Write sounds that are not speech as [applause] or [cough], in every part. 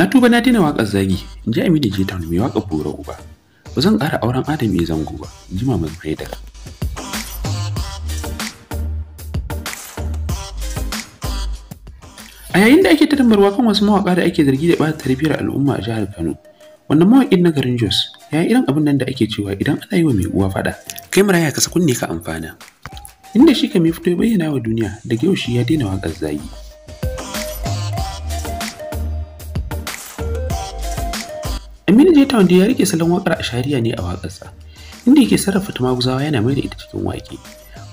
Na tuba na daina waƙar zagi, in ji Aminu Jeton mai waƙar Bora Uba. Ba zan ƙara auren Adam ya zango ba, in ji Maman A yayin da ake tattabarwa kan wasu mawaƙa da ake zargi da ɓata tarbiyyar al'umma a jihar Kano, wannan mawaƙin na garin Jos ya yi irin abin nan da ake cewa idan ana yi wa mai uwa faɗa, kai maraya ka kunne ka amfana. Inda shi ka mai fito ya bayyana wa duniya daga yau shi ya daina waƙar zagi. Aminu ta Town ya rike salon wakar Ashariya ne a wakarsa, inda yake sarrafa tumaguzawa yana mai da ita cikin wake,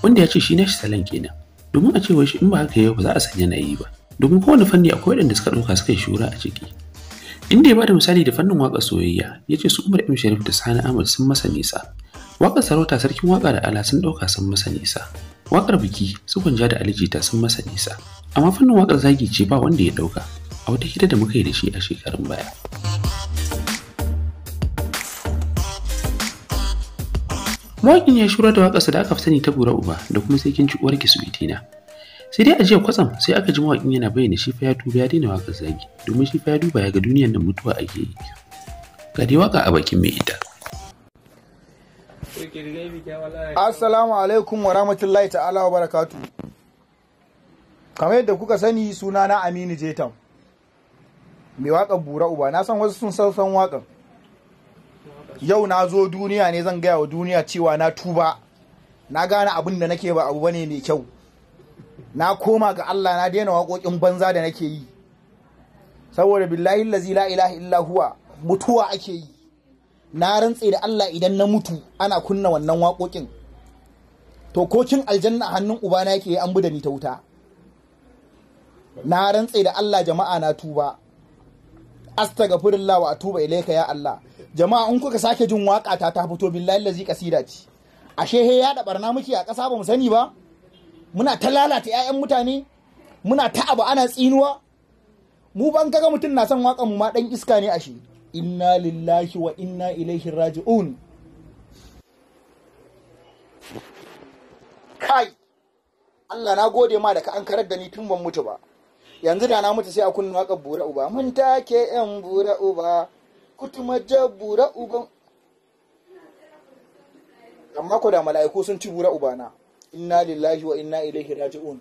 wanda ya ce shi nashi salon kenan. Domin a cewa shi in ba haka yau ba za a sanya na yi ba. Domin kowane fanni akwai waɗanda suka ɗauka suka yi shura a ciki. Inda ya da misali da fannin waƙar soyayya, ya ce su Umar M Sharif da Sani Ahmad sun masa nisa. Waƙar sarauta sarkin waka da ala sun ɗauka sun masa nisa. Waƙar biki su kwanja da Ali jita sun masa nisa. Amma fannin wakar zagi ce ba wanda ya ɗauka a wata hira da muka yi da shi a shekarun baya. mawakin ya shura da waƙarsa da aka fi sani ta Bura Uba da kuma sai kin ci uwar ki suitina. Sai dai a jiya kwatsam sai aka ji mawaƙin yana bayyana shi fa ya tuba ya daina waƙar zagi domin shi fa ya duba ya ga duniyar nan mutuwa ake yi. Ga dai waƙa a bakin mai ita. Assalamu alaikum wa rahmatullahi ta'ala wa barakatu. Kamar yadda kuka sani suna na Aminu Jetam. Mai waƙar Bura Uba na san wasu sun san waƙar. yau na zo duniya ne zan gaya wa duniya cewa na tuba na gane abin da nake ba abu bane mai kyau na koma ga Allah na daina waƙoƙin banza da nake yi saboda billahi lazi la ilaha illa huwa mutuwa ake yi na rantse da Allah idan na mutu ana kunna wannan waƙoƙin to kokin aljanna hannun ubana yake an bu da ni ta wuta na rantse da Allah jama'a na tuba astaghfirullah wa atuba ilaika ya Allah jama'a in kuka sake jin waka ta ta fito billahi lazi kasida ce ashe he ya da barna muke a kasa ba mu sani ba muna ta lalata 'ya'yan mutane muna ta abu ana tsinuwa mu ban kaga mutum na son waka, mu ma dan iska ne ashe inna lillahi wa inna ilaihi raji'un kai Allah na gode ma da ka an karar da ni tun ban mutu ba yanzu da na mutu sai a kunna waka bura uba mun take yan bura uba kutuma bura uban amma ko da mala'iku sun ci bura ubana inna lillahi wa inna ilaihi raji'un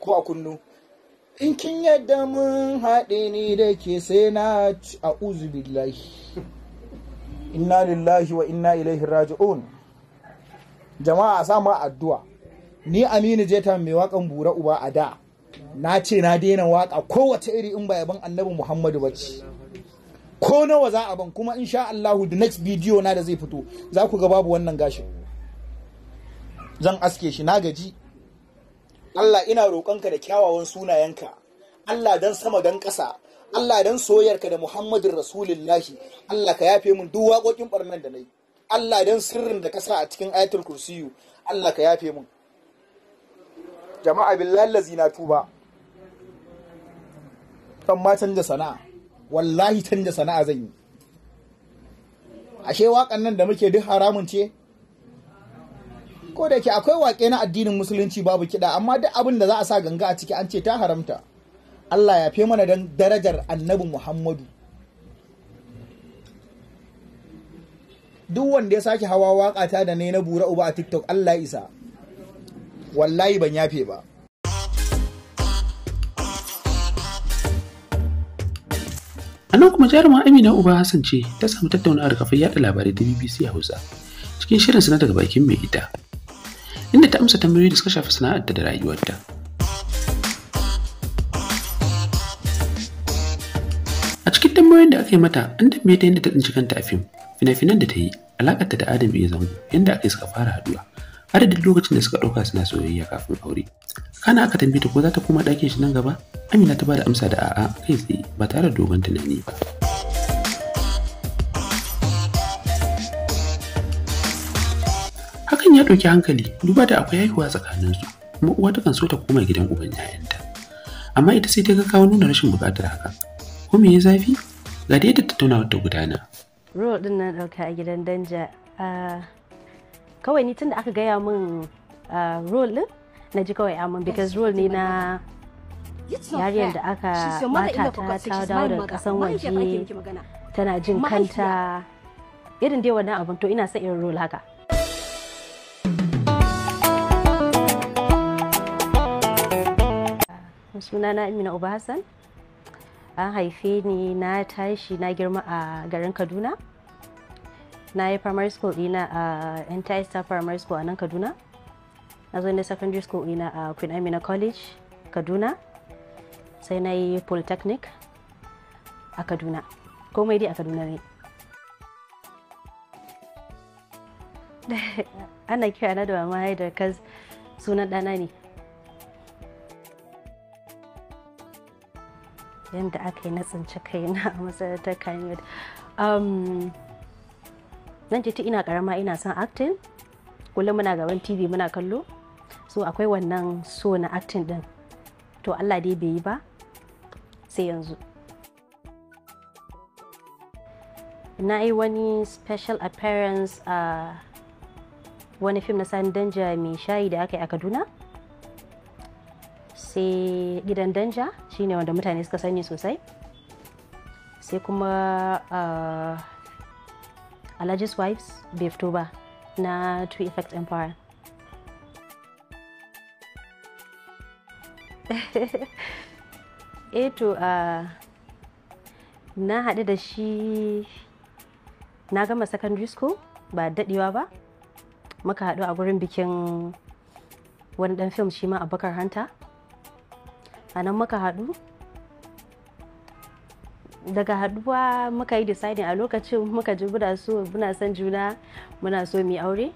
ko a kunnu in kin yadda mun haɗe ni da ke sai na a uzu billahi inna lillahi wa inna ilaihi raji'un jama'a a sama addu'a ni aminu jeta mai wakan bura uba a da na ce na daina waka kowace iri in ba ban annabi muhammadu ba ce ko nawa za a ban kuma insha Allahu the next video na da zai fito za ku ga babu wannan gashin zan aske shi na gaji Allah ina roƙonka da kyawawan sunayenka Allah dan sama dan ƙasa Allah dan soyarka da Muhammadin Rasulullahi Allah ka yafe min duk waƙoƙin ɓarnan da na yi Allah dan sirrin da ka a cikin ayatul kursiyu Allah ka yafe min jama'a billahi lallazi na tuba kan ma canja sana'a wallahi canja sana'a zan yi ashe waƙan nan da muke duk haramun ce ko da yake akwai waƙe na addinin musulunci babu kiɗa amma duk abin da za a sa ganga a ciki an ce ta haramta Allah ya fi mana don darajar annabi Muhammadu duk wanda ya sake hawa wakata ta da ne na bura uba a TikTok Allah isa wallahi ban yafe ba a nan kuma jaruma amina uba hassan ce ta samu tattaunawar kafar yada labarai ta bbc a hausa cikin shirin sana daga bakin mai ita inda ta amsa tambayoyi da suka shafi sana'arta da rayuwarta a cikin tambayoyin da aka yi mata an tambaye ta yadda ta tsinci kanta a fim fina-finan da ta yi alakarta da adam iya zango yadda aka yi suka fara haduwa adadin lokacin da suka ɗauka suna soyayya kafin aure Ana aka tambaye ta ko za ta koma ɗakin shi nan gaba amina ta bada amsa da a'a kai tsaye ba tare da dogon tunani ba hakan ya ɗauki hankali duba da akwai haihuwa tsakaninsu kuma uwa ta kan so ta koma gidan uban 'ya'yanta amma ita sai ta ga kawo nuna rashin buƙatar haka ko me ya zafi ga da yadda tattaunawar ta gudana ruwa din na ɗauka a gidan danja ah, kawai ni tun da aka gaya min ah, rol na ji kawai amin because role ne na yariyar da aka mata ta ta dawo daga kasan waje tana jin kanta irin dai wannan abin to ina sa irin role haka suna na Amina Uba Hassan an haife ni na tashi na girma a garin Kaduna na yi primary school dina uh, a Entire Star Primary School a nan Kaduna na zo na secondary school ina a queen amina college kaduna sai na yi polytechnic a kaduna komai dai a kaduna ne [laughs] ana kira na da ma da kaz sunan ɗana ne yadda aka yi na tsinci kaina a masarautar kanyar nan um, titi ina karama ina son acting kullum muna gaban tv muna kallo so akwai wannan so na acting din to allah dai bai yi ba sai yanzu na yi wani special appearance a wani fim na sani danja mai shayi da aka yi a kaduna sai gidan danja shine wanda mutane suka sani sosai sai kuma uh, wives bai fito ba na two effect empire Eh, to a na haɗu da shi na gama secondary school ba daɗewa ba muka haɗu a gurin bikin wani ɗan fim shi ma abakar hanta a nan muka haɗu daga haɗuwa muka yi deciding a lokacin muka ji muna so muna son juna muna so mu aure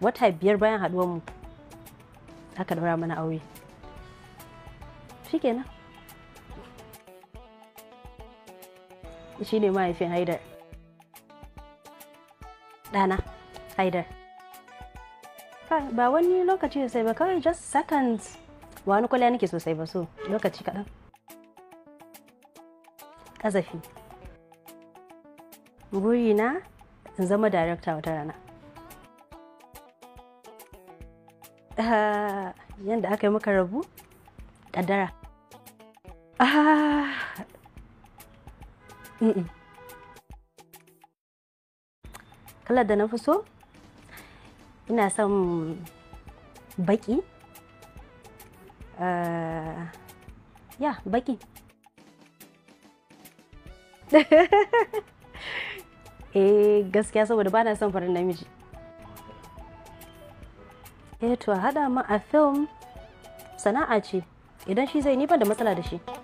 wata biyar bayan haɗuwar mu aka daura mana aure shikenan shi ne mahaifin haidar ɗana haidar ba wani lokaci sosai ba kawai just seconds wani kwalliya nake sosai ba so lokaci kaɗan ƙazafi na in zama director wata rana ah, yadda aka yi maka rabu ƙaddara Ah. Kalar da na fi so? Ina son baki. Ah, ya, baki. [laughs] eh gaskiya saboda ba na son farin namiji. Eh to haɗa ma a film sana'a ce idan shi zai ni ban da matsala da shi.